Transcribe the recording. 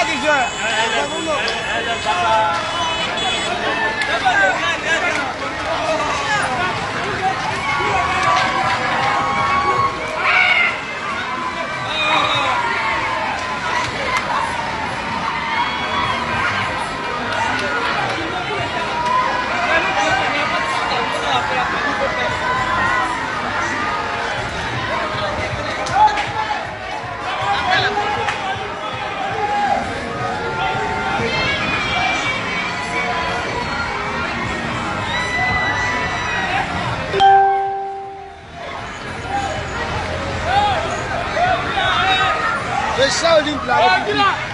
Hadi güzel. Hadi bakalım. Ve Shaolin de la République.